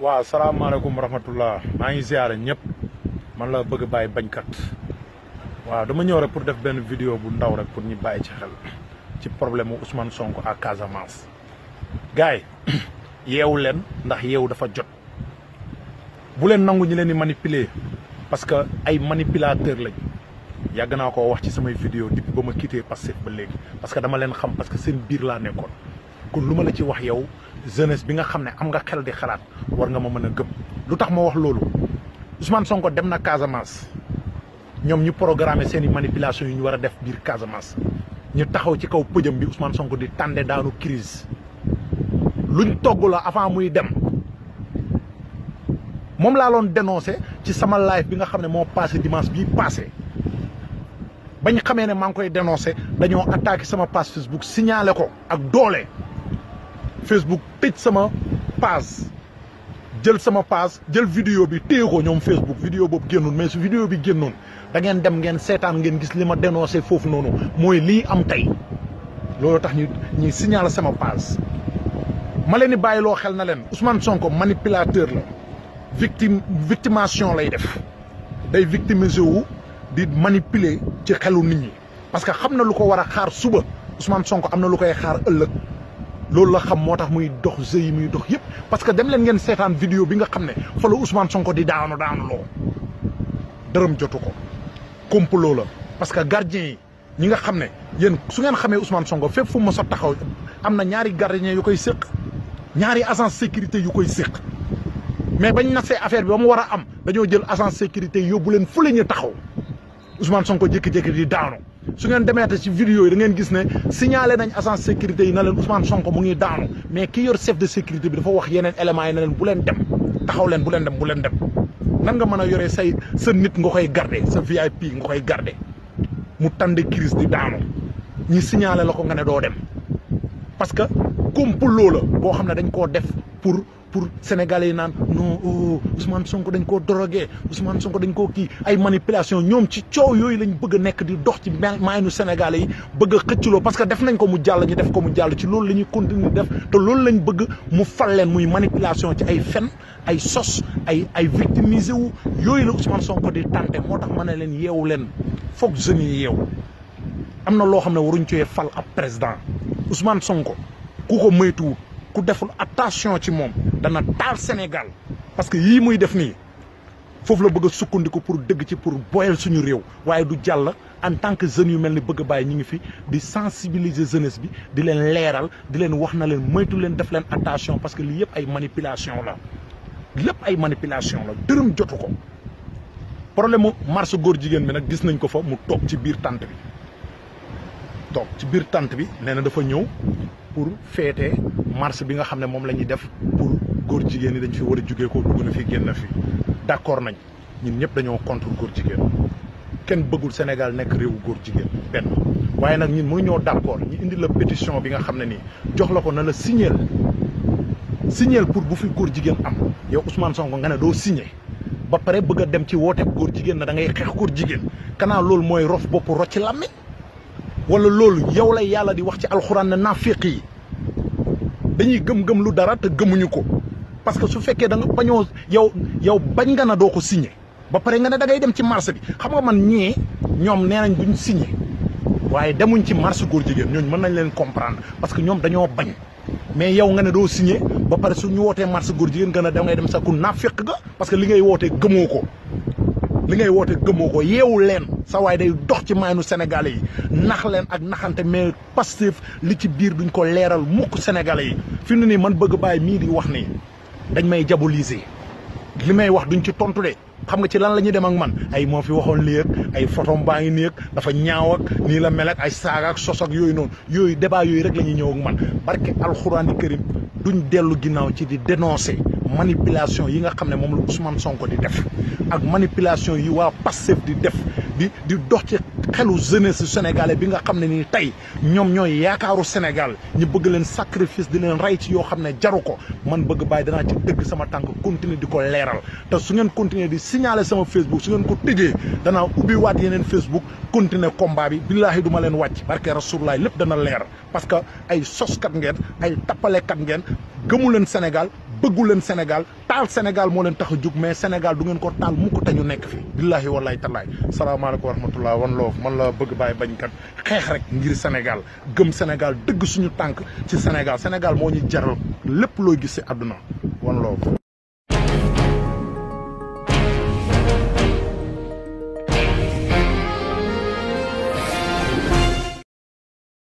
waaw salaamaaleykum wa rahmatullah maa ngi ziare ñëpp man la bëgg bàyyi bañkat waaw dama ñëw rek pour def benn vidéo bu ndaw rek pour ñu bàyyi ci xel ci problème mu Ousmane sonk ak Casamance. gars yi yeewu leen ndax yeewu dafa jot bu leen nangu ñu leen di manipuler parce que ay manipulateur lañ yàgg naa ko wax ci samay vidéo depuis ba ma quitté Pastef ba léegi parce dama leen xam parce que seen biir laa nekkoon. kon lu ma la ci wax yow jeunesse bi nga xam ne am nga xel di xalaat war nga ma mën a gëm lu tax ma wax loolu Ousmane Sonko dem na Casamance ñoom ñu programmé seeni i manipulation yu ñu war a def biir Casamance ñu taxaw ci kaw pëjam bi Ousmane Sonko di tànde daanu crise luñ togg la avant muy dem moom laa loon dénoncé ci sama live bi nga xam ne moo passé dimanche bi passé bañ xamee ne maa ngi koy dénoncé dañoo attaqué sama page Facebook siñaale ko ak doole. Facebook tëj sama page jël sama page jël vidéo bi téye ko ñoom Facebook vidéo boobu génnoon mais su bi génnoon dangeen dem ngeen seetaan ngeen gis li ma dénoncé foofu noonu mooy lii am tey loolu tax ñu ñuy signaler sama page ma leen di bàyyi loo xel na leen Ousmane Sonko manipulateur la victime victimation lay def day victimiser wu di manipuler ci xelu nit ñi parce que xam na lu ko war a xaar suba Ousmane Sonko am na lu koy xaar ëllëg. loolu la xam moo tax muy dox jeu yi muy dox yëpp parce que dem leen ngeen seetaan vidéo bi nga xam ne fa la Ousmane Sonko di daanu daanu loo dërëm jotu ko complot la parce que gardien yi ñi nga xam ne yéen su ngeen xamee Ousmane Sonko fépp fu mos a taxaw am na ñaari gardien yu koy séq ñaari agence sécurité yu koy séq mais bañ nasee affaire bi ba mu war a am dañoo jël agence sécurité yóbbu leen fu la ñu taxaw Ousmane Sonko jékki-jékki di daanu. su ngeen demeete ci vidéo yi da ngeen gis ne signalé nañ agence sécurité yi na leen Ousmane Sonko mu ngi daanu mais ki yor chef de sécurité bi dafa wax yeneen éléments yi na leen bu leen dem taxaw leen bu leen dem bu leen dem nan nga mën a yoree say sa nit nga koy garde sa VIP nga koy garde mu tànde crise di daanu ñi signalé la ko nga ne doo dem parce que complot la boo xam ne dañ koo def pour pour sénégalais yi naan non oh Ousmane Sonko dañ koo drogué Ousmane Sonko dañ koo kii ay manipulation ñoom ci coow yooyu lañ bëgg nekk di dox ci maaynu sénégalais yi bëgg a parce que def nañ ko mu jàll ñu def ko mu jàll ci loolu la ñuy continuer def te loolu lañ bëgg mu fal leen muy manipulation ci ay fen ay sos ay ay victimiser wu yooyu la Ousmane Sonko di tante moo tax ma ne leen yeewu leen foog jeunes yi yeewu am na loo xam ne waruñ cee fal ab président Ousmane Sonko ku ko ku deful attention ci moom dana taal Sénégal parce que yii muy def nii foofu la bëgg sukkandiku pour dëgg ci pour boyal suñu réew waaye du jàll en tant que jeunes yu mel ni bëgg a bàyyi ñu ngi fi di sensibiliser jeunesse bi di leen leeral di leen wax na leen moytu leen def leen attention parce que lii yëpp ay manipulation la lépp ay manipulation la dërëm jotu ko problème mu marche góor jigéen bi nag gis nañ ko fa mu toog ci biir tànt bi toog ci biir tànt bi nee na dafa ñëw pour féete marche bi nga xam ne moom la ñuy góor jigéen yi dañ fi war a jugee koo dugg na fi génn fi d'accord nañ ñun ñëpp dañoo contre góor jigéen kenn bëggul Sénégal nekk réewu góor jigéen benn waaye nag ñun mënuñoo d'accord ñu indi la pétition bi nga xam ne nii jox la ko na la signer signer pour bu fi góor jigéen am yow Ousmane Sonko nga ne doo signer ba pare bëgg dem ci woote góor jigéen na dangay xeex góor jigéen kanaa loolu mooy rof bopp rocc làmmiñ walla loolu yow la yàlla di wax ci alxuraan na naafiq yi dañuy gëm-gëm dara te gëmuñu ko parce que su fekkee danga nga bañoo yow yow bañ nga na doo ko signé ba pare nga ne dangay ngay dem ci marché bi xam nga man ñii ñoom nee nañ duñ signé waaye demuñ ci marché góor jigéen ñooñu mën nañ leen comprendre parce que ñoom dañoo bañ mais yow nga ne doo signé ba pare su ñu wootee marché góor jigéen nga ne da ngay dem sa ku naafeq ga parce que li ngay wootee gëmoo ko li ngay wootee gëmoo ko yeewu leen sa waay day dox ci maanu sénégalais yi nax leen ak naxante mais Pastef li ci biir duñ ko leeral mukk sénégalais yi fi mu ne nii bëgg bàyyi mii di wax nii dañ may diaboliser li may wax duñ ci tontu de xam nga ci lan la ñuy dem ak man ay moo fi waxoon lii ak ay photom baa ngi nii ak dafa ñaaw ak nii la mel ak ay saaga ak sos ak yooyu noonu yooyu débat yooyu rek la ñuy ñëw ak man barke alxuraani karim duñ dellu ginnaaw ci di dénoncer manipulation yi nga xam ne moom la man Sonko di def ak manipulation yi waa Pastef di def di di dox ci xelu jeunesse sénégalais bi nga xam ne nii tey ñoom ñooy yaakaaru Sénégal ñu bëgg leen sacrifice di leen rey ci yoo xam ne jaru ko man bëgg bàyyi danaa ci dëgg sama tànk continuer di ko leeral te su ngeen continuer di signaler sama Facebook su ngeen ko tëjee dana ubbi waat yeneen Facebook continuer combat bi billaahi du ma leen wàcc barke rasulullaay lépp dana leer parce que ay soskat ngeen ay tappalekat ngeen gëmu leen Sénégal bëggu leen Sénégal taal Sénégal moo leen tax a jug mais Sénégal du ngeen ko taal mukk te ñu nekk fi billaahi wallaahi talaay salaamaaleykum wa rahmatullah wan loof man la bëgg bàyyi bañkat xeex rek ngir Sénégal gëm Sénégal dëgg suñu tànk ci Sénégal Sénégal moo ñu jaral lépp loo gis si àdduna wan loof